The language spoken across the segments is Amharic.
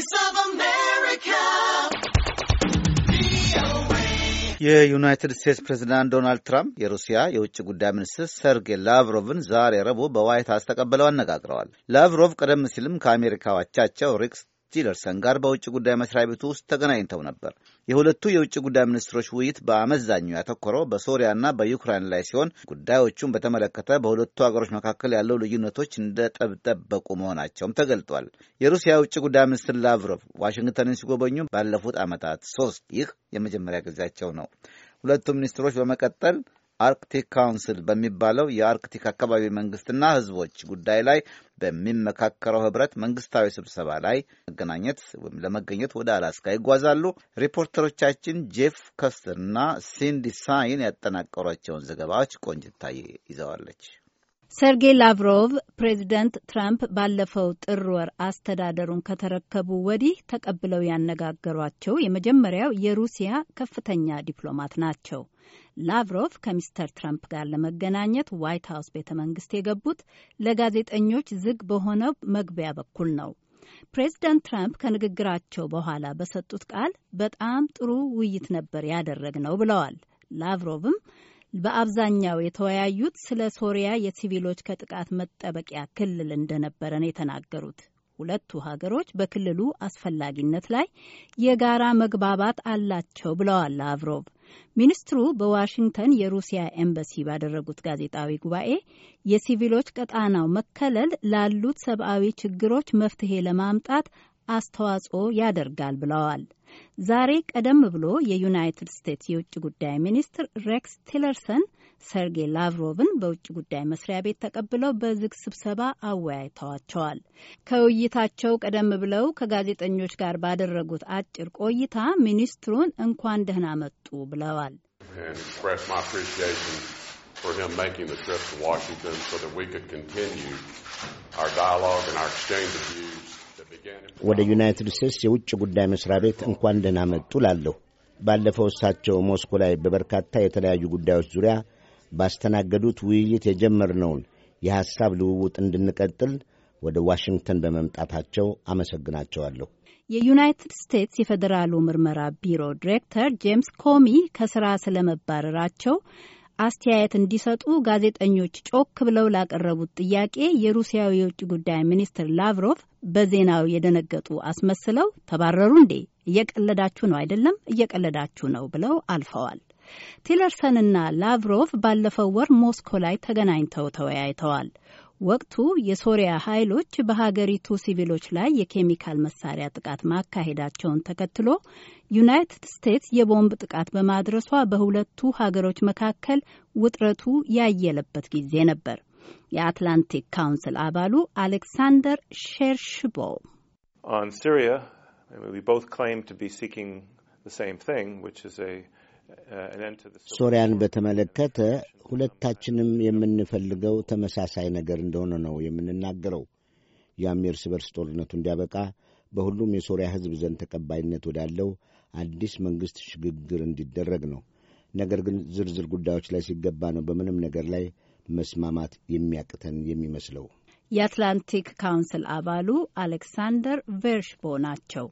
Voice of America. የዩናይትድ ስቴትስ ፕሬዝዳንት ዶናልድ ትራምፕ የሩሲያ የውጭ ጉዳይ ሚኒስትር ሰርጌይ ላቭሮቭን ዛሬ ረቡዕ በዋይት ሀውስ ተቀብለው አነጋግረዋል። ላቭሮቭ ቀደም ሲልም ከአሜሪካዎቻቸው ሪክስ ቲለርሰን ጋር በውጭ ጉዳይ መስሪያ ቤቱ ውስጥ ተገናኝተው ነበር። የሁለቱ የውጭ ጉዳይ ሚኒስትሮች ውይይት በአመዛኙ ያተኮረው በሶሪያና በዩክራይን ላይ ሲሆን ጉዳዮቹን በተመለከተ በሁለቱ አገሮች መካከል ያለው ልዩነቶች ጠብጠበቁ መሆናቸውም ተገልጧል። የሩሲያ የውጭ ጉዳይ ሚኒስትር ላቭሮቭ ዋሽንግተንን ሲጎበኙ ባለፉት ዓመታት ሶስት ይህ የመጀመሪያ ጊዜያቸው ነው። ሁለቱ ሚኒስትሮች በመቀጠል አርክቲክ ካውንስል በሚባለው የአርክቲክ አካባቢ መንግስትና ህዝቦች ጉዳይ ላይ በሚመካከረው ህብረት መንግስታዊ ስብሰባ ላይ መገናኘት ወይም ለመገኘት ወደ አላስካ ይጓዛሉ። ሪፖርተሮቻችን ጄፍ ከስተርና ሲንዲ ሳይን ያጠናቀሯቸውን ዘገባዎች ቆንጅታዬ ይዘዋለች። ሰርጌይ ላቭሮቭ ፕሬዚደንት ትራምፕ ባለፈው ጥር ወር አስተዳደሩን ከተረከቡ ወዲህ ተቀብለው ያነጋገሯቸው የመጀመሪያው የሩሲያ ከፍተኛ ዲፕሎማት ናቸው። ላቭሮቭ ከሚስተር ትራምፕ ጋር ለመገናኘት ዋይት ሀውስ ቤተ መንግስት የገቡት ለጋዜጠኞች ዝግ በሆነው መግቢያ በኩል ነው። ፕሬዚዳንት ትራምፕ ከንግግራቸው በኋላ በሰጡት ቃል በጣም ጥሩ ውይይት ነበር ያደረግ ነው ብለዋል። ላቭሮቭም በአብዛኛው የተወያዩት ስለ ሶሪያ የሲቪሎች ከጥቃት መጠበቂያ ክልል እንደነበረ ነው የተናገሩት። ሁለቱ ሀገሮች በክልሉ አስፈላጊነት ላይ የጋራ መግባባት አላቸው ብለዋል ላቭሮቭ። ሚኒስትሩ በዋሽንግተን የሩሲያ ኤምባሲ ባደረጉት ጋዜጣዊ ጉባኤ የሲቪሎች ቀጣናው መከለል ላሉት ሰብአዊ ችግሮች መፍትሄ ለማምጣት አስተዋጽኦ ያደርጋል ብለዋል። ዛሬ ቀደም ብሎ የዩናይትድ ስቴትስ የውጭ ጉዳይ ሚኒስትር ሬክስ ቲለርሰን ሰርጌይ ላቭሮቭን በውጭ ጉዳይ መስሪያ ቤት ተቀብለው በዝግ ስብሰባ አወያይተዋቸዋል። ከውይይታቸው ቀደም ብለው ከጋዜጠኞች ጋር ባደረጉት አጭር ቆይታ ሚኒስትሩን እንኳን ደህና መጡ ብለዋል። ወደ ዩናይትድ ስቴትስ የውጭ ጉዳይ መስሪያ ቤት እንኳን ደህና መጡ ላለሁ ባለፈው እሳቸው ሞስኮ ላይ በበርካታ የተለያዩ ጉዳዮች ዙሪያ ባስተናገዱት ውይይት የጀመርነውን የሐሳብ ልውውጥ እንድንቀጥል ወደ ዋሽንግተን በመምጣታቸው አመሰግናቸዋለሁ። የዩናይትድ ስቴትስ የፌዴራሉ ምርመራ ቢሮ ዲሬክተር ጄምስ ኮሚ ከስራ ስለመባረራቸው አስተያየት እንዲሰጡ ጋዜጠኞች ጮክ ብለው ላቀረቡት ጥያቄ የሩሲያው የውጭ ጉዳይ ሚኒስትር ላቭሮቭ በዜናው የደነገጡ አስመስለው ተባረሩ እንዴ? እየቀለዳችሁ ነው አይደለም፣ እየቀለዳችሁ ነው ብለው አልፈዋል። ቲለርሰንና ላቭሮቭ ባለፈው ወር ሞስኮ ላይ ተገናኝተው ተወያይተዋል። ወቅቱ የሶሪያ ኃይሎች በሀገሪቱ ሲቪሎች ላይ የኬሚካል መሳሪያ ጥቃት ማካሄዳቸውን ተከትሎ ዩናይትድ ስቴትስ የቦምብ ጥቃት በማድረሷ በሁለቱ ሀገሮች መካከል ውጥረቱ ያየለበት ጊዜ ነበር። የአትላንቲክ ካውንስል አባሉ አሌክሳንደር ሼርሽቦ ን ሲሪያ ሶሪያን በተመለከተ ሁለታችንም የምንፈልገው ተመሳሳይ ነገር እንደሆነ ነው የምንናገረው። ያም የእርስ በርስ ጦርነቱ እንዲያበቃ በሁሉም የሶሪያ ሕዝብ ዘንድ ተቀባይነት ወዳለው አዲስ መንግሥት ሽግግር እንዲደረግ ነው። ነገር ግን ዝርዝር ጉዳዮች ላይ ሲገባ ነው በምንም ነገር ላይ መስማማት የሚያቅተን የሚመስለው። የአትላንቲክ ካውንስል አባሉ አሌክሳንደር ቬርሽቦ ናቸው።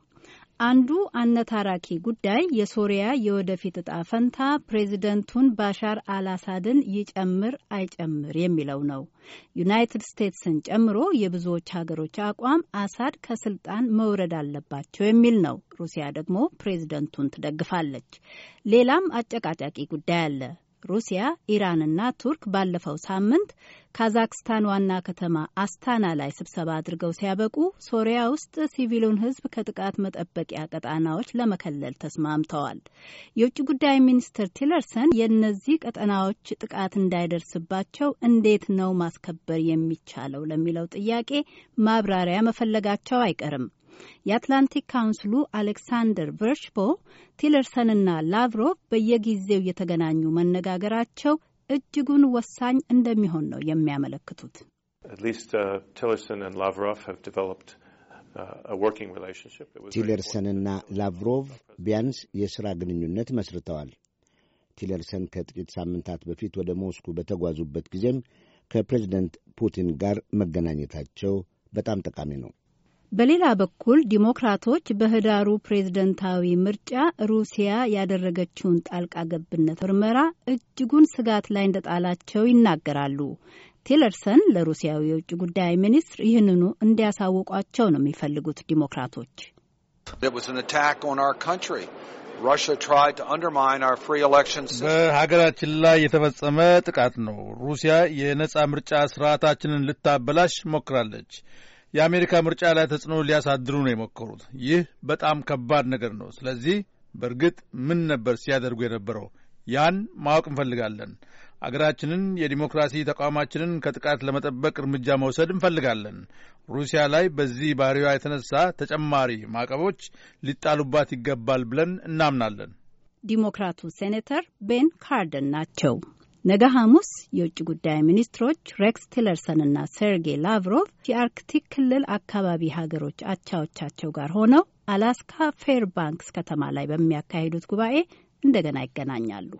አንዱ አነታራኪ ጉዳይ የሶሪያ የወደፊት እጣ ፈንታ ፕሬዚደንቱን ባሻር አልአሳድን ይጨምር አይጨምር የሚለው ነው። ዩናይትድ ስቴትስን ጨምሮ የብዙዎች ሀገሮች አቋም አሳድ ከስልጣን መውረድ አለባቸው የሚል ነው። ሩሲያ ደግሞ ፕሬዚደንቱን ትደግፋለች። ሌላም አጨቃጫቂ ጉዳይ አለ። ሩሲያ፣ ኢራንና ቱርክ ባለፈው ሳምንት ካዛክስታን ዋና ከተማ አስታና ላይ ስብሰባ አድርገው ሲያበቁ ሶሪያ ውስጥ ሲቪሉን ሕዝብ ከጥቃት መጠበቂያ ቀጣናዎች ለመከለል ተስማምተዋል። የውጭ ጉዳይ ሚኒስትር ቲለርሰን የእነዚህ ቀጠናዎች ጥቃት እንዳይደርስባቸው እንዴት ነው ማስከበር የሚቻለው ለሚለው ጥያቄ ማብራሪያ መፈለጋቸው አይቀርም። የአትላንቲክ ካውንስሉ አሌክሳንደር ቨርሽቦ ቲለርሰንና ላቭሮቭ በየጊዜው የተገናኙ መነጋገራቸው እጅጉን ወሳኝ እንደሚሆን ነው የሚያመለክቱት። uh, uh, ቲለርሰንና ላቭሮቭ ቢያንስ የሥራ ግንኙነት መስርተዋል። ቲለርሰን ከጥቂት ሳምንታት በፊት ወደ ሞስኩ በተጓዙበት ጊዜም ከፕሬዚደንት ፑቲን ጋር መገናኘታቸው በጣም ጠቃሚ ነው። በሌላ በኩል ዲሞክራቶች በህዳሩ ፕሬዝደንታዊ ምርጫ ሩሲያ ያደረገችውን ጣልቃ ገብነት ምርመራ እጅጉን ስጋት ላይ እንደጣላቸው ይናገራሉ። ቲለርሰን ለሩሲያው የውጭ ጉዳይ ሚኒስትር ይህንኑ እንዲያሳውቋቸው ነው የሚፈልጉት ዲሞክራቶች። በሀገራችን ላይ የተፈጸመ ጥቃት ነው። ሩሲያ የነጻ ምርጫ ስርዓታችንን ልታበላሽ ሞክራለች። የአሜሪካ ምርጫ ላይ ተጽዕኖ ሊያሳድሩ ነው የሞከሩት። ይህ በጣም ከባድ ነገር ነው። ስለዚህ በእርግጥ ምን ነበር ሲያደርጉ የነበረው? ያን ማወቅ እንፈልጋለን። አገራችንን፣ የዲሞክራሲ ተቋማችንን ከጥቃት ለመጠበቅ እርምጃ መውሰድ እንፈልጋለን። ሩሲያ ላይ በዚህ ባህሪዋ የተነሳ ተጨማሪ ማዕቀቦች ሊጣሉባት ይገባል ብለን እናምናለን። ዲሞክራቱ ሴኔተር ቤን ካርደን ናቸው። ነገ ሐሙስ የውጭ ጉዳይ ሚኒስትሮች ሬክስ ቲለርሰን ና ሴርጌይ ላቭሮቭ የአርክቲክ ክልል አካባቢ ሀገሮች አቻዎቻቸው ጋር ሆነው አላስካ ፌርባንክስ ከተማ ላይ በሚያካሂዱት ጉባኤ እንደገና ይገናኛሉ።